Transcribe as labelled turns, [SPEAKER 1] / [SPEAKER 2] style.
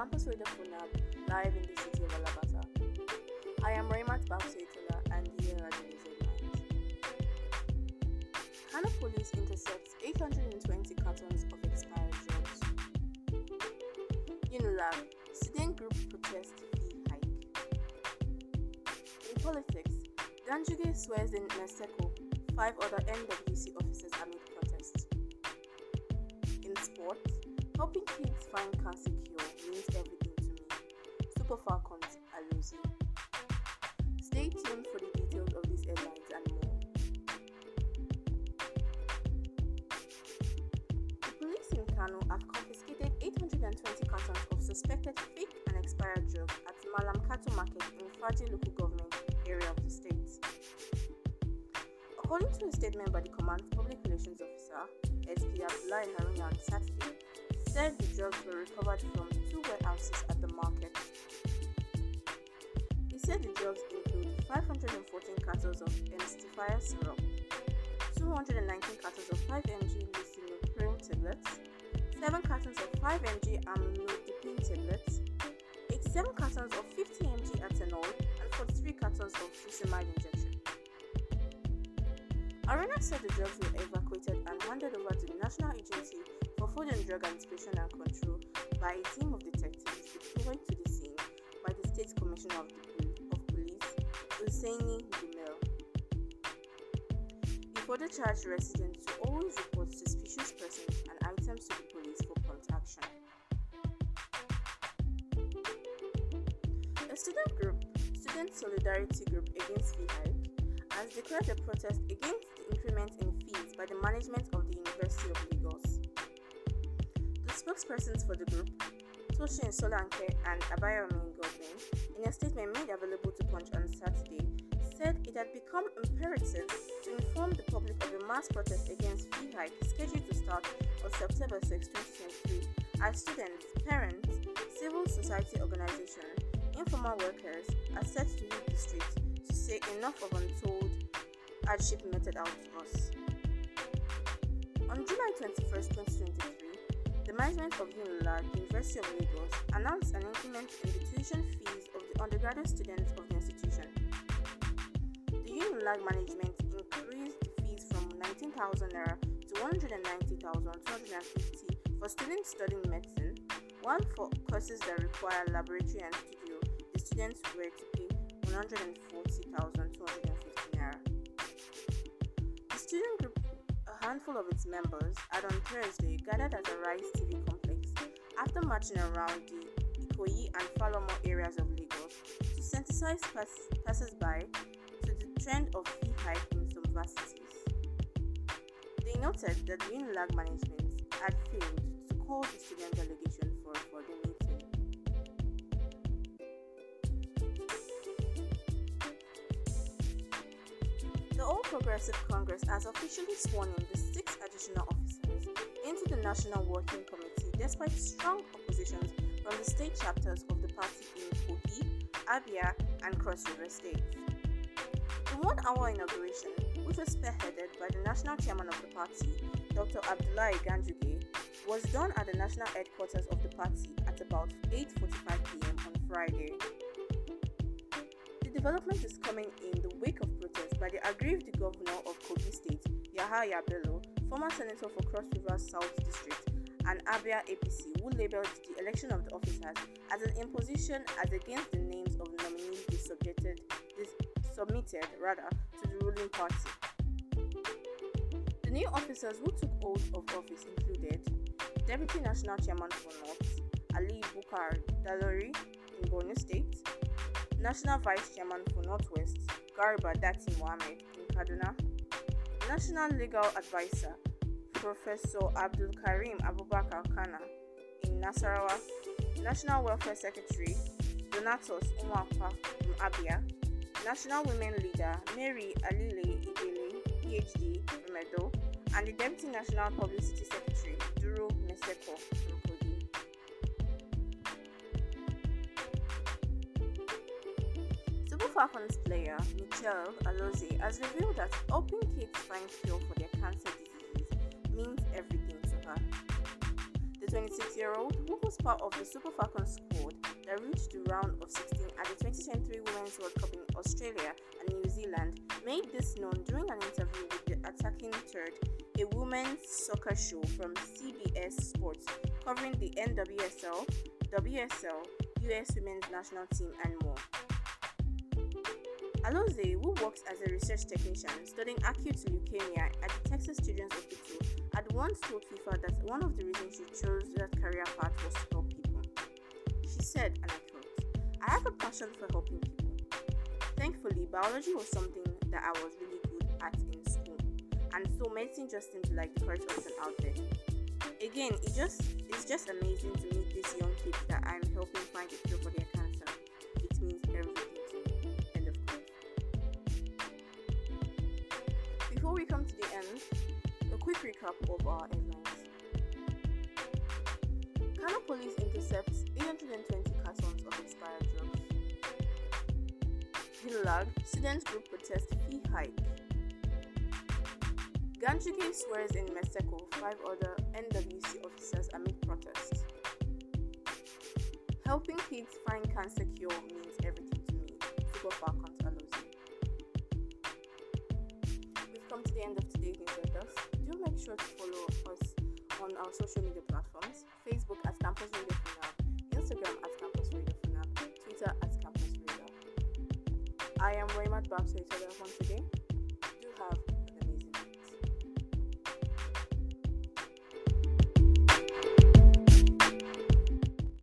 [SPEAKER 1] Campus Radio Funab, live in the city of Alabata. I am Raymond Babsetula and here are the news headlines. Hana Police intercepts 820 cartons of expired drugs. Unilab, student group protest fee hike. In politics, Danjuge swears in Naseko, five other NWC officers amid protests. In sports, Helping kids find cancer cure means everything to me. Super Falcons are losing. Stay tuned for the details of these headlines and more. The police in Kano have confiscated 820 cartons of suspected fake and expired drugs at Malamkato Market in Faji local government area of the state. According to a statement by the Command Public Relations Officer, SP Abdullah Haruna on Saturday, said the drugs were recovered from two warehouses at the market. He said the drugs include 514 cartons of emulsifier syrup, 219 cartons of 5 mg lisinopril tablets, 7 cartons of 5 mg amlodipine tablets, 87 cartons of 50 mg ethanol, and 43 cartons of fusimide injection. Arena said the drugs were evacuated and handed over to the National Agency Food and Drug Administration and Control by a team of detectives deployed to the scene by the State Commissioner of, the, of Police, Husseini Gumel. He further charged residents to always report suspicious persons and items to the police for prompt action. A student group, Student Solidarity Group Against Fee has declared a protest against the increment in fees by the management of the University of Lagos. Spokespersons for the group, Toshi Solanke and Abayomi Godwin, in a statement made available to Punch on Saturday, said it had become imperative to inform the public of a mass protest against fee hike scheduled to start on September 6, 2023, as students, parents, civil society organizations, informal workers are set to leave the streets to say enough of untold hardship meted out to us. On July 21, 2023, management of the University of Lagos, announced an increment in the tuition fees of the undergraduate students of the institution. The UNLAG management increased the fees from 19,000 naira to 190,250 for students studying medicine, one for courses that require laboratory and studio, the students were to pay 140,200. handful of its members had on Thursday gathered at the Rice TV complex after marching around the Ikoyi and Falomo areas of Lagos to sensitize pass- passers-by to the trend of fee hike in some varsities. They noted that the UNILAG management had failed to call the student delegation for a Progressive Congress has officially sworn in the six additional officers into the National Working Committee despite strong oppositions from the state chapters of the party in Kogi, Abia, and Cross River states. The one hour inauguration, which was spearheaded by the national chairman of the party, Dr. Abdullahi Ganjuge, was done at the national headquarters of the party at about 8.45 pm on Friday development is coming in the wake of protests by the aggrieved governor of Kogi State, Yahaya Bello, former senator for Cross River South District, and Abia APC, who labeled the election of the officers as an imposition as against the names of nominees they subjected, they submitted rather to the ruling party. The new officers who took oath of office included Deputy National Chairman for North, Ali Bukar Dalori in Borno State, National Vice Chairman for Northwest, Gariba Dati Mohamed in Kaduna, National Legal Advisor, Professor Abdul Karim Abubakar Kana in Nasarawa, National Welfare Secretary, Donatos Umwapa in Abia, National Women Leader, Mary Alile Igele, PhD, from Edo, and the Deputy National Publicity Secretary, Duro Meseko from Falcons player Michel Alozie has revealed that helping kids find cure for their cancer disease means everything to her. The 26-year-old, who was part of the Super Falcons squad that reached the round of 16 at the 2023 Women's World Cup in Australia and New Zealand, made this known during an interview with the Attacking Third, a women's soccer show from CBS Sports covering the NWSL, WSL, US Women's National Team, and more. Alonze, who works as a research technician studying acute leukemia at the Texas Children's Hospital, had once told FIFA that one of the reasons she chose that career path was to help people. She said, and I quote, I have a passion for helping people. Thankfully, biology was something that I was really good at in school, and so medicine just seemed like the correct option out there. Again, it just it's just amazing to meet these young kids that I'm helping find a cure for their cancer the end, a quick recap of our events: Kano police intercepts 820 cartons of expired drugs. Hilag, students group protest fee hike. Ganchike swears in Mexico, five other NWC officers amid protest. Helping kids find cancer cure means everything to me. Super our social media platforms Facebook at Campus Radio Funab, Instagram at Campus Radio Funab, Twitter at Campus Radio. I am Raymond Babso once again. Do have